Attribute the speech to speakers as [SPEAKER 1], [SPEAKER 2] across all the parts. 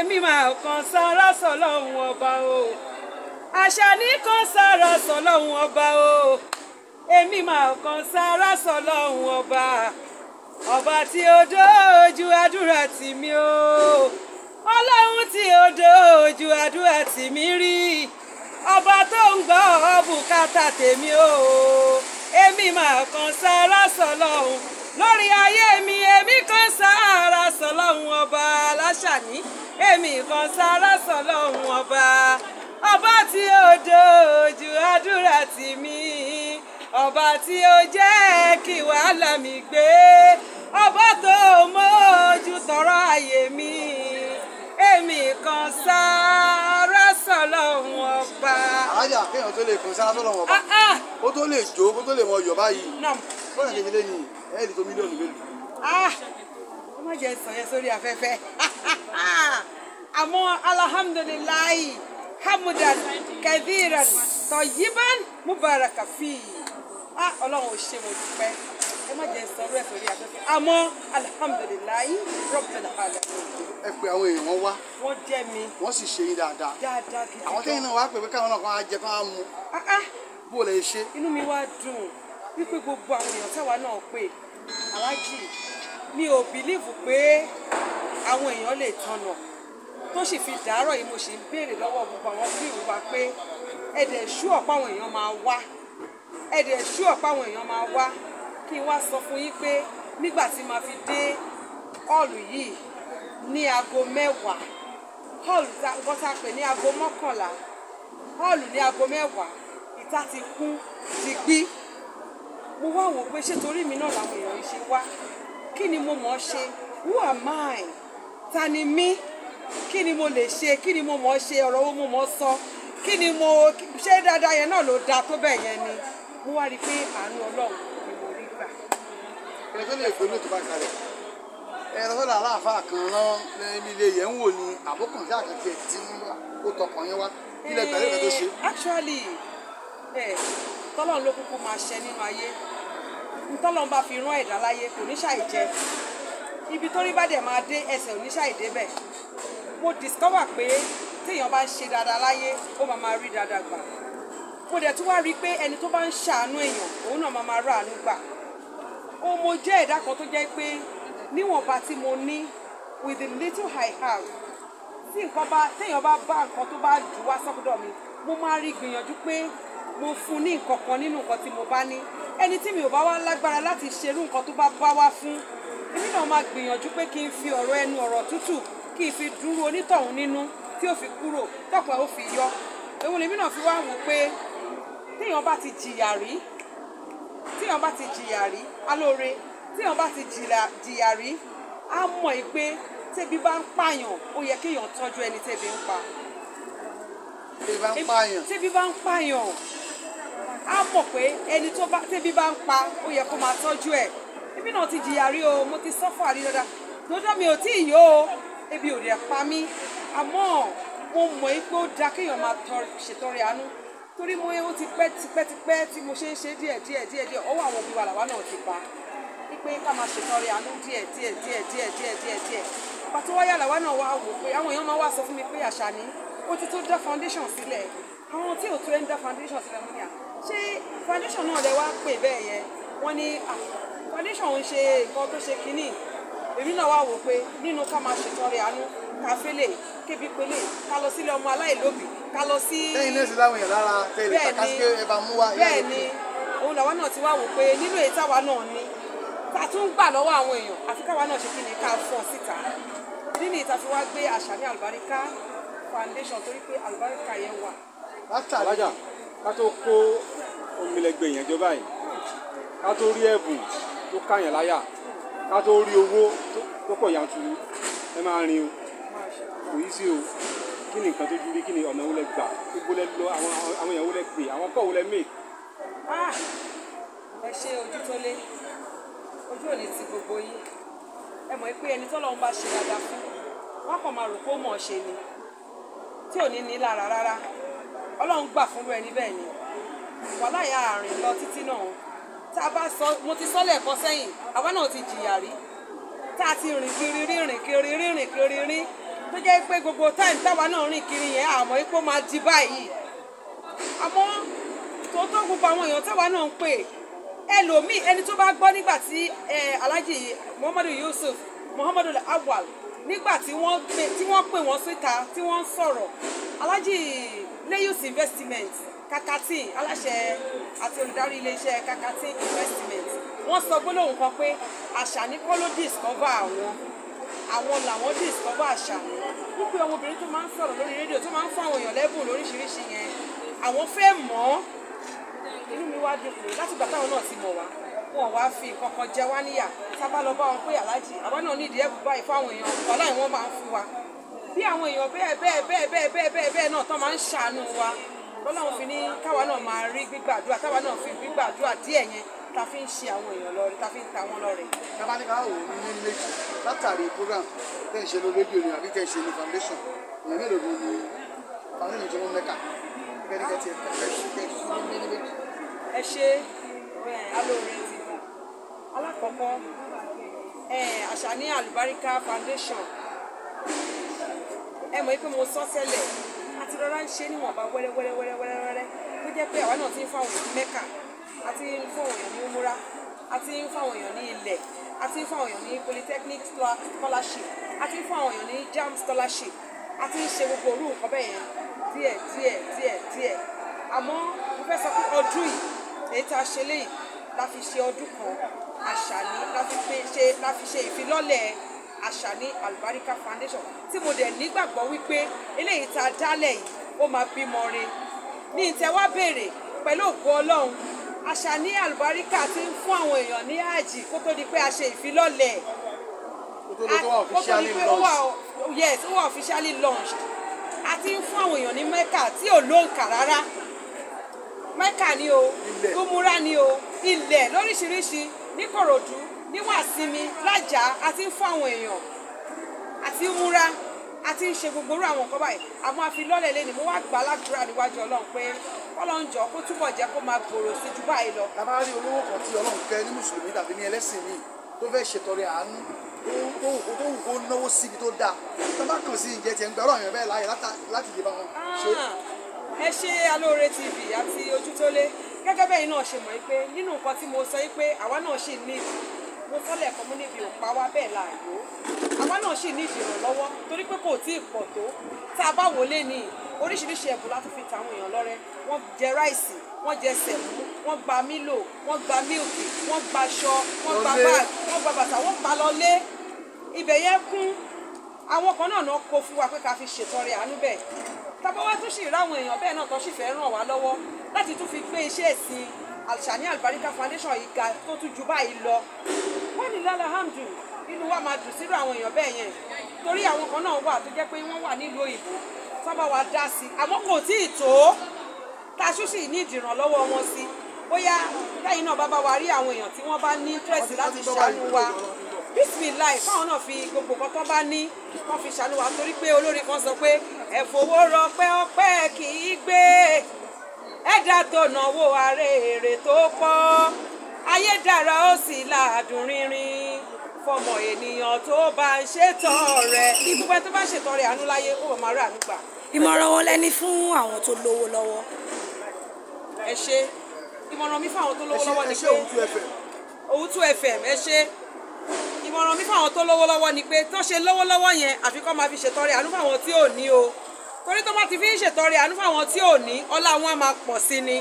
[SPEAKER 1] èmi máa kàn sọ̀rọ̀ sọ̀lọ́hún ọba o àṣà ní kan sọ̀rọ̀ sọ̀lọ́hún ọba o èmi máa kàn sọ̀rọ̀ sọ̀lọ́hún ọba ọba tí ó dójú àdúrà tì mí o ọlọ́run tí ó dójú àdúrà tì mí rí ọba tó ń gbọ́ bùkátà tèmi o èmi máa kàn sọ̀rọ̀ sọ̀lọ́hún lórí ayé mi èmi kan sára sọlọ́hún ọba aláṣàní èmi kan sára sọlọ́hún ọba ọba tí ó dojú àdúrà tì mí ọba tí ó jẹ́ kí wàhálà mi gbé ọba tó mójú tọrọ ayé mi èmi kan sára sọlọ́hún ọba. àyà kéèyàn tó lè kún sára sọlọ́hún ọba ah, ah. ó tó lè jó ó tó lè mọ yọ̀ báyìí fọ́nà kékeré ni ẹ̀ẹ́dì tó mílíọ̀nù mélòó. ó ah! má jẹ́ sọ yẹn sórí afẹ́fẹ́ àmọ́ alhamdulilayi hamudan kathiran tọyiban mubaraka fi ah, ọlọ́run ò ṣe mo dúpẹ́ ẹ má jẹ́ sọ rẹ̀ sórí afẹ́fẹ́ àmọ́ alhamdulilayi rabbil alamin. ẹ pé àwọn èèyàn wọn wá. wọ́n jẹ́ mi. wọ́n sì ṣe yín dáadáa. dáadáa kìí. àwọn tẹ́yìn náà wàá pè pé káwọn náà kàn á jẹ kán á mu. Ah, bó o lè ṣe. inú mi wá dùn wípé gbogbo àwọn èèyàn táwa náà pè aláàjì mi ò bìlíìfù pé àwọn èèyàn lè tọ̀nà tó sì fi dàárọ̀ yìí mo sì ń béèrè lọ́wọ́ gbogbo àwọn fíìmù wa pé ẹ̀dẹ̀ ṣú ọ̀pá àwọn èèyàn máa wá ẹ̀dẹ̀ ṣú ọ̀pá àwọn èèyàn máa wá kí n wá sọ fún yín pé nígbà tí màá fi dé hall yìí ní aago mẹ́wàá hall nǹkan tá a pè ní aago mọ́kànlá hall ní aago mẹ́wàá ìta ti kún digbí mo wá wò pé ṣé torí mi náà làwọn èèyàn ṣe wá kí ni mo mọ̀ ọ́ ṣe who am I ta ni mí kí ni mo lè ṣe kí ni mo mọ̀ ọ́ ṣe ọ̀rọ̀ wo mo mọ̀ ọ́ sọ kí ni mo ṣe dáadáa yẹn náà ló da tó bẹ́ẹ̀ yẹn ni mo wá rí i pé àánú ọlọ́run ni mo rí gbà. ẹni lè gbé ní ìtura kalẹ̀ ẹni tó lè aláàfáà kan lọ́wọ́ lẹ́yìn ilé yẹn ń wò ní àbókùn sí àkàtì ẹ̀ tí ó tọkàn yẹn wá ilẹ̀ gbàlẹ́ tó ṣe. Eh, actually ẹ eh, tọ́lọ́run ló kúkú máa ṣẹ nínú ayé ntọ́lọ́n bá fi rán ẹ̀dá láyé kò jẹ ibi tó rí bá dẹ̀ máa dé ẹsẹ̀ ò débẹ̀ mo discover pé téèyàn bá ń ṣe dáadáa láyé ó máa máa rí dáadáa gbà mo dẹ̀ tún wá rí i pé ẹni tó bá ń ṣàánú èèyàn òun náà máa máa ráàánú gbà ó mo jẹ́ ẹ̀dá kan tó jẹ́ pé níwọ̀nba tí mo ní with the little high have tí nǹkan bá téèyàn bá bá nǹkan tó bá jù wá sọ́kúdọ̀ mi mo máa rí gbìyànjú pé mo fún ní nǹkan kan nínú nǹkan tí mo bá ní ẹni tí mi ò bá wá lágbára láti ṣerú nǹkan tó bá bá wá fún èmi náà máa gbìyànjú pé kí n fi ọ̀rọ̀ ẹnu ọ̀rọ̀ tútù kí n fi dúró onítọ̀hún nínú tí ó fi kúrò tọ́pọ̀ ó fi yọ èwo lèmi náà fi wá wò pé téèyàn bá ti jìyà rí téèyàn bá ti jìyà rí alóore téèyàn bá ti jìyà rí á mọ̀ ẹ́ pé tẹ́bi bá ń pààyàn ó yẹ kéèyàn tọ́jú ẹni tẹ́bi ń pa. tẹ́bi bá ń pààyàn á mọ̀ pé ẹni tó bá tẹ́bí bá ń pa ó yẹ kó máa tọ́jú ẹ̀ èmi náà ti jìyà rí o mo ti sọ́fọ̀ àrí dáadáa lọ́dọ̀ mi ò tí ì yó o ebi ò rẹ̀ pa mí àmọ́ mo mọ̀ pé ó da kéèyàn máa ṣètọrẹ àánú torí mo ó ti pẹ́ tipẹ́ tipẹ́ tí mo ṣe ń ṣe díẹ̀ díẹ̀ díẹ̀ díẹ̀ ọwọ́ àwọn òbí wa làwa náà ti bá pé ká máa ṣètọrẹ àánú díẹ̀ díẹ̀ díẹ̀ díẹ̀ díẹ̀ díẹ̀ díẹ̀ pàtó wáyà làwa náà wá wò pé àwọn èèyàn máa wá sọ fún mi pé àṣà ni ó ti tó dá foundation sílẹ̀ àwọn tí ò tó ẹ̀ ń dá foundation sílẹ̀ mú ni à ṣé foundation náà lẹ wá pè bẹ́ẹ̀ yẹn wọ́n ní foundation ń ṣe nǹkan tó ṣe kínní èmi náà wá wò pé nínú ká máa ṣètọrẹ àánú ká fẹ́lẹ̀ kébi pélé ká lọ sílé ọmọ aláìlóbìí ká lọ sí. lẹ́yìn náà sì láwọn èèyàn lára tẹ̀lé kàkásíkè ẹ bá mú wa. bẹ́ẹ̀ ni òun làwa náà ti wá wò pé nínú èyí táwa náà ní ta tún gbà lọ́wọ́ àwọn èèyàn àfi káwa náà ṣe kí ni ká fọ́ síta nínú ìta fi wá gbé àṣà ní àlùbáríkà foundation torí pé àlùbáríkà
[SPEAKER 2] yẹn wà. alájà ká tó kó omilẹgbẹ yẹn jọ báyìí ká tó rí ẹ̀bùn tó káyàn láyà ká tó rí owó tó pọ̀ yanturu ẹ máa rin o kò yí sí o kí ni nǹkan tó ju rí kí ni ọ̀nà wo lẹ gbà gbogbo lẹ lọ àwọn àwọn èèyàn wo lẹ pè àwọn kọ́ wo lẹ mè. Ah!
[SPEAKER 1] ẹ ṣe ojú tó lé ojú ò ní ti gbogbo yín ẹ mọ̀ pé ẹni tọ́lọ́run bá ṣe dáadáa fún wọn kàn máa rò pé ó mọ̀ ọ́ ṣe ni tí ò ní ní lára rárá ọlọ́run gbà fúnrú ẹni bẹ́ẹ̀ ni wàhálà yà àárín lọ títí náà tá a bá sọ mo ti sọ lẹ́ẹ̀kan sẹ́yìn àwa náà ti jìyà rí tá a ti rìn kiri rírìn kiri rírìn kiri rí tó jẹ́ pé gbogbo táìmù táwa náà rìn kiri yẹn àmọ́ ipò máa di báyìí àmọ́ tó tó gbogbo àwọn èèyàn táwa náà ń pè ẹlòmíì ẹni tó bá gbọ́ nígbà tí eh, Alhaji Muhammadu Yusuf Muhammadu Awal nígbà tí wọ́n pè tí wọ́n pè wọ́n síta tí wọ́n ń sọ̀rọ̀ alájì leyus investment kakatin aláṣẹ àti olùdarí iléeṣẹ́ kakatin investment wọ́n sọ gbólóhùn kan pé àṣà ní kọ́ ló discover àwọn àwọn làwọn discover àṣà wípé ọmọbìnrin tó máa ń sọ̀rọ̀ lórí rédíò tó máa ń fún àwọn èèyàn lẹ́bùn lóríṣiríṣi yẹn àwọn fẹ́ mọ̀ ọ́ inú mi wá dùn pé látìgbà táwọn náà ti mọ̀ wá wọn wá fi kankan jẹ wá níyà sábà lọ bá wọn pé aláàjì àwa náà nídìí ẹ̀bùn báyìí fáwọn èèyàn wàhálà ìwọ́n máa ń fún wa bí àwọn èèyàn bẹ́ẹ̀ bẹ́ẹ̀ bẹ́ẹ̀ bẹ́ẹ̀ bẹ́ẹ̀ bẹ́ẹ̀ bẹ́ẹ̀ náà tán máa ń ṣàánú wa lọ́lọ́run fi ní káwa náà máa rí gbígbàdúrà káwa náà fi gbígbàdúrà díẹ̀ yẹn ta fi ń ṣe àwọn èèyàn lọ́rẹ ta fi ń ta wọ́n lọ́rẹ. tábà ní ká wò ní méjì látàrí program tẹ́ ń ṣe lórí rédíò ni àbí tẹ́ ń ṣe ní foundation èèyàn mélòó ló ní foundation tí wọ́n mẹ́ka kẹ́ríkẹ́ tiẹ̀ kẹ́ ẹ ṣe alóore alákọ̀ọ́kọ́ Àṣàní Àlùbáríkà foundation ẹ mọ̀ pé mo sọ tẹ́lẹ̀ àti rọra ń ṣe níwọ̀nba wẹ́rẹ́wẹ́rẹ́wẹ́rẹ́wẹ́rẹ́ tó jẹ́ pé àwa náà ti ń fáwọn èèyàn mẹ́kà àti ń fáwọn èèyàn ní umura àti ń fáwọn èèyàn ní ilẹ̀ àti ń fáwọn èèyàn ní polytechnic scholarship àti ń fáwọn èèyàn ní JAMB scholarship àti ń ṣe gbogbo orú nǹkan bẹ́ẹ̀ yẹn díẹ̀ díẹ̀ díẹ̀ díẹ̀ àmọ́ mo fẹ́ sọ pé ọdún yìí èyí tá a ṣe léyìí la fi ṣe ọdún kan àṣàní la ṣe ìfilọ́lẹ̀ àṣàní alubarika foundation tí mo dẹ̀ nígbàgbọ́ wípé eléyìí tá dálẹ̀ yìí ó máa bímọ re ní ìtẹ́wá béèrè pẹ̀lú ògo ọlọ́run àṣàní alubarika ti ń fún àwọn èèyàn ní àjì kó tó di pé a ṣe ìfilọ́lẹ̀ kó tó di pé ó wà yes ó wà officially launched a ti ń fún àwọn èèyàn ní mẹ́kà tí ò lóǹkà rárá mẹ́kà ni o gúmúrà ni o ilẹ̀ lóríṣiríṣi níkòròdú níwàsinmi lájà àti ń fún àwọn èèyàn àti ń múra àti ń ṣe gbogbo irú àwọn nǹkan báyìí àmọ́ àfi lọ́lẹ̀ lẹ́nu mo wá gbà ládùúrà níwájú ọlọ́run pé ọlọ́run jọ kó túbọ̀ jẹ́ kó máa gbòòrò sí ju báyìí lọ. a máa rí olówó kan tí ọlọ́run kẹ́ ní mùsùlùmí tàbí ní ẹlẹ́sìn míì tó fẹ́ ṣètọrẹ àánú tó wù kó náwó síbi tó dáa tó bá kàn sí ìjẹ tiẹ̀ ń gbà ọlọ́run yẹn bẹ́ẹ̀ láàyè láti gẹ́gẹ́ bẹ́ẹ̀ náà ṣe mọ̀ pé nínú nǹkan tí mo sọ pé àwa náà ṣì ní mo sọ́lẹ̀ kan mú níbi òpá wa bẹ́ẹ̀ la àwa náà ṣì ní ìrànlọ́wọ́ torí pé kò tí ì pọ̀ tó tá a bá wò lé ní oríṣiríṣi ẹ̀bùn láti fi tàwọn èèyàn lọ́rẹ́ wọ́n jẹ ráìsì wọ́n jẹ sẹ̀mú wọ́n gba mílò wọ́n gba mílkì wọ́n gba aṣọ wọ́n gba báàgì wọ́n gba bàtà wọ́n gba lọlé ibẹ̀ yẹn kún àwọn kan náà náà kó fún wa pé ká fi ṣètọrẹ àánú bẹ́ẹ̀ tábọ́wá tún sì ráwọn èèyàn bẹ́ẹ̀ náà tó sì fẹ́ ràn wá lọ́wọ́ láti tún fi gbé iṣẹ́ ìsìn Alṣàní Albarika Foundation yìí ga tó tún ju báyìí lọ wọ́n ní lálẹ́ hamdu inú wa máa dùn sírò àwọn èèyàn bẹ́ẹ̀ yẹn torí àwọn kan náà wà tó jẹ́ pé wọ́n wà nílùú òyìnbó sábà wá dá sí i àmọ́ kò tí ì tó taṣú sì ní ìdìrànlọ́wọ́ wọn sí bóyá lẹ́yìn náà bàbá wa rí àwọn èèyàn tí wọ́n bá ní tírẹ̀sì láti ṣàánú wa bísímìláì fáwọn náà fi gbogbo kan tó bá ní wọ́n fi ṣàánú wa torí pé olórin kan sọ pé ẹ̀fọ́wọ́ rọpẹ́ ọpẹ́ kì í gbé ẹ̀dá tó náwó ààrẹ èrè tó pọ̀ ayé dára ó sì láàdùn rínrin fọmọ ènìyàn tó bá ń ṣètọrẹ ìgbúgbẹ tó bá ṣètọrẹ àánú láyé ó máa rí àánú ìmọ̀ràn wo lẹni fún àwọn tó lówó lọ́wọ́. ẹ ṣe ìmọ̀ràn mi fún àwọn tó lówó lọ́wọ́ ni pé Owutu FM ẹ ṣe ìmọ̀ràn mi fún àwọn tó lówó lọ́wọ́ ni pé tó ṣe lówó lọ́wọ́ yẹn àfikún máa fi ṣètọrẹ àánú fún àwọn tí ò ní o torí tó bá ti fi ń ṣètọrẹ àánú fáwọn tí ò ní ọlá wọn á máa pọ̀ sí ni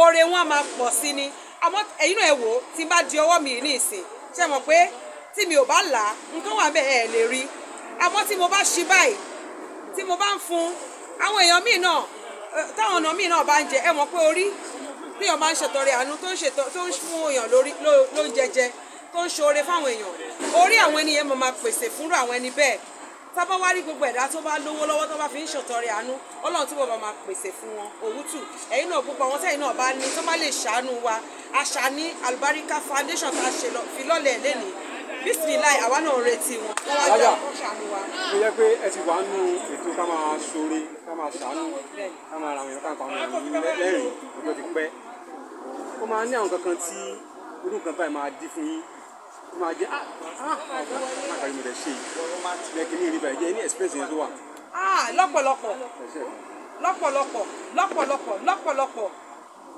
[SPEAKER 1] oore wọn á máa pọ̀ sí ni àmọ́ ẹ̀yin náà ẹ wò ó tí n bá di ọwọ́ mi ní ìsìn ṣe mọ̀ pé tí mi ò bá là á nǹkan wà bẹ́ẹ̀ ẹ̀ lè rí àmọ́ tí mo bá ṣí báyìí tí mo bá ń fún àwọn èèyàn míì náà táwọn ọ̀nà míì náà bá ń jẹ ẹ mọ̀ pé orí téèyàn máa ń ṣètọrẹ àánú tó ń fún èèyàn lóúnjẹ jẹ tó ń ṣoore fáwọn èèyàn orí àwọn ẹni yẹn mo máa pèsè fúnrú àwọn ẹni bẹ́ẹ̀ tábá wá rí gbogbo ẹ̀dá tó bá lówó lọ́wọ́ tó bá fi ń ṣètọrẹ àánú ọlọ́run tí bàbá máa pèsè fún wọn òwútù ẹ̀yin náà gbogbo àwọn tẹ̀yin náà bá ní tó bá lè ṣàánú wa àṣà ní Alùbáríkà foundation tá a ṣe fi lọ́lẹ̀ lẹ́nu bisimilayi àwa náà retí wọn lọ́wọ́ àjọ ọkọ̀ ṣàánú wa.
[SPEAKER 2] ó yẹ pé ẹ ti wà nù ètò ká máa ṣoore ká máa ṣàánú ká máa ra àwọn èèyàn káàkiri àwọn èèyàn lẹ́rìn ó máa ní àwọn kankan tí ó máa jẹ ah ah má kàrí mo lè ṣe yìí kí ni ìrìbà ẹ̀jẹ̀ ní experience yẹn tó wà.
[SPEAKER 1] ah lọ́pọ̀lọpọ̀ lọ́pọ̀lọpọ̀ lọ́pọ̀lọpọ̀ lọ́pọ̀lọpọ̀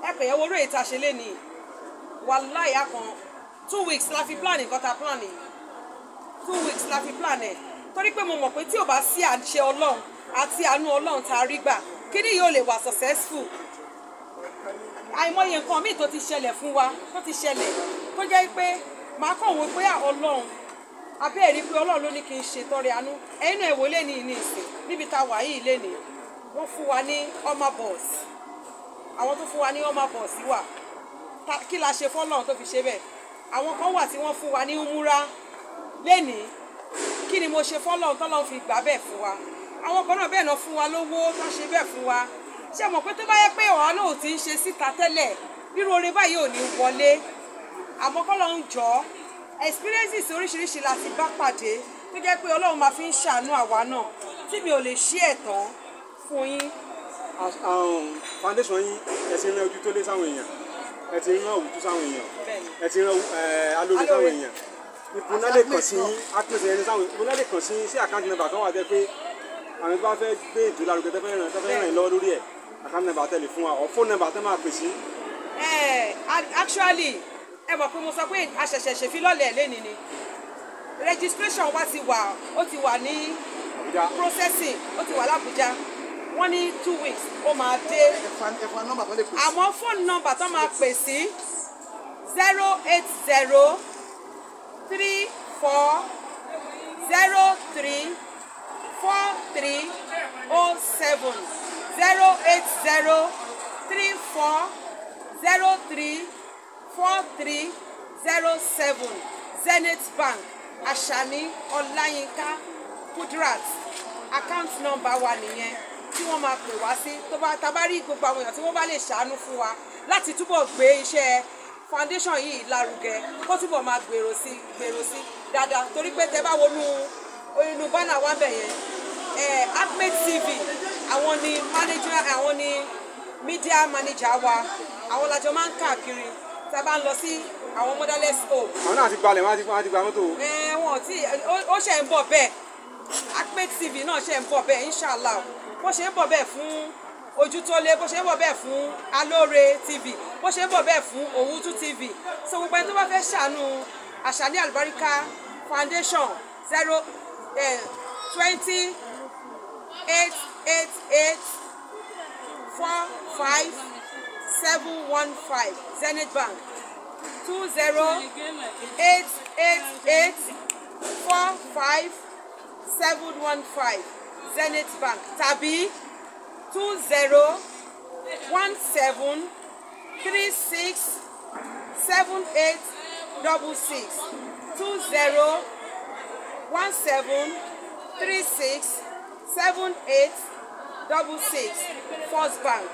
[SPEAKER 1] ẹ pè é owó rèé ta ṣe lé ní wàláì akàn two weeks la fi plan nǹkan ta plan yìí two weeks la fi plan ẹ̀ torí pé mo mọ̀ pé tí ò bá sí àṣẹ ọlọ́run àti àánú ọlọ́run tá a rí gbà kí ni yóò lè wà successful àìmọye nǹkan míì tó ti ṣẹlẹ̀ fún wa tó ti ṣẹlẹ̀ tó jẹ́ pé màá kàn wò pé ah, ọlọ́run abẹ́ ẹ̀rí pé ọlọ́run ló ní kí n ṣe tọrẹ àánú ẹ̀yin náà èwo lẹ́ni ìní ìsìn níbi tá a wà yìí lẹ́ni wọ́n fún wa ní ọmọ bọ̀ọ̀sì àwọn tó fún wa ní ọmọ bọ̀ọ̀sì wà kí la ṣe fọ́lọ́run tó fi ṣe bẹ́ẹ̀ àwọn kan wà tí wọ́n fún wa ní umura lẹ́ni kí ni mo ṣe fọ́lọ́run tọ́lọ́run fi gbà bẹ́ẹ̀ fún wa àwọn kan náà bẹ́ẹ̀ náà fún wa lówó tó ṣe bẹ́ẹ̀ fún wa ṣé mọ̀ pé tó bá yẹ pé ọ̀hán náà ò ti ń ṣe síta tẹ́lẹ̀ rírore báyìí ò ní wọlé àmọ́ kọ́lọ́hún jọ experiences oríṣiríṣi láti bá pàdé tó jẹ́ pé ọlọ́run máa fi ń ṣàánú àwa náà tí mi ò lè ṣí ẹ̀ tán fún yín.
[SPEAKER 2] Um, foundation yín ẹ ti rán ojú tó lé sáwọn èèyàn ẹ ti rán òwútú sáwọn èèyàn ẹ ti rán alóore sáwọn èèyàn ìpinnu lè kàn sí àpèsè ẹni sáwọn ìpinnu lè kàn sí sí àkáǹtì nàbà kan wà jẹ́ pé àwọn tó bá fẹ́ gbé ètò lárugẹ tó fẹ́ ràn tó fẹ́ ràn lọ́wọ́ lórí ẹ̀ àkáǹtì nàbà tẹ̀lé fún wa ọ̀ fóònù nàbà tẹ́ máa pè sí.
[SPEAKER 1] actually ẹ mọ̀ pé mo sọ pé àṣẹ̀ṣẹ̀ ṣèfilọ́lẹ̀ lẹ́ni ni registration wa ti wà ó ti wà ní processing ó ti wà lábújá wọ́n ní two weeks ó máa dé àmọ́ fóònù nọ́mbà tó máa pè sí zero eight zero three four zero three four three oh seven zero eight zero three four zero three four three zero seven Zenith Bank Ashami Ọláyínká Kudrat account number wa nìyẹn tí wọ́n máa pè wá sí tó bá ta bá rí gbogbo àwọn èèyàn tí wọ́n bá lè ṣàánú fún wa láti túbọ̀ gbé iṣẹ́ foundation yìí lárugẹ kó túbọ̀ máa gbèrò sí gbèrò sí dáadáa torí pé tẹ bá wọnú inú bánà wa bẹ̀ yẹn Ahmed TV àwọn ni manager àwọn ni media manager wa àwọn làjọ máa ń káàkiri tá a bá ń lọ sí àwọn motherless home. àwọn náà ti gbalẹ̀ wọn ti gba mọ́tò. ẹ wọn ti ó ṣe ń bọ̀ bẹ́ẹ̀ Akpet TV náà ṣe ń bọ̀ bẹ́ẹ̀ inshàlá bó ṣe ń bọ̀ bẹ́ẹ̀ fún ojú tó lé bó ṣe ń bọ̀ bẹ́ẹ̀ fún alóore tv bó ṣe ń bọ̀ bẹ́ẹ̀ fún òwútú tv so gbogbo ẹni tó bá fẹ́ ṣàánú àṣàní àlùbáríkà foundation zero twenty eight eight eight four five seven one five Zenith Bank two zero eight eight eight four five seven one five Zenith Bank tàbí two zero one seven three six seven eight double six two zero one seven three six seven eight double six First Bank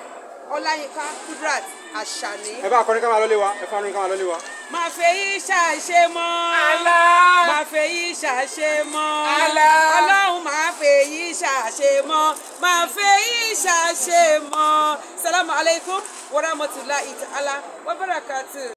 [SPEAKER 1] ọláyínká kudrat àṣàní. ẹ bá
[SPEAKER 2] akọrin ká máa lọlé wa ẹ fún akọrin ká máa lọlé wa.
[SPEAKER 1] máa fẹ́ yí ṣàṣe mọ́. àlá. máa fẹ́ yí ṣàṣe mọ́. àlá. ọlọ́run máa fẹ́ yí ṣàṣe mọ́. máa fẹ́ yí ṣàṣe mọ́. salamu alaykum wa rahmatulahi ta'ala wa barakatuh.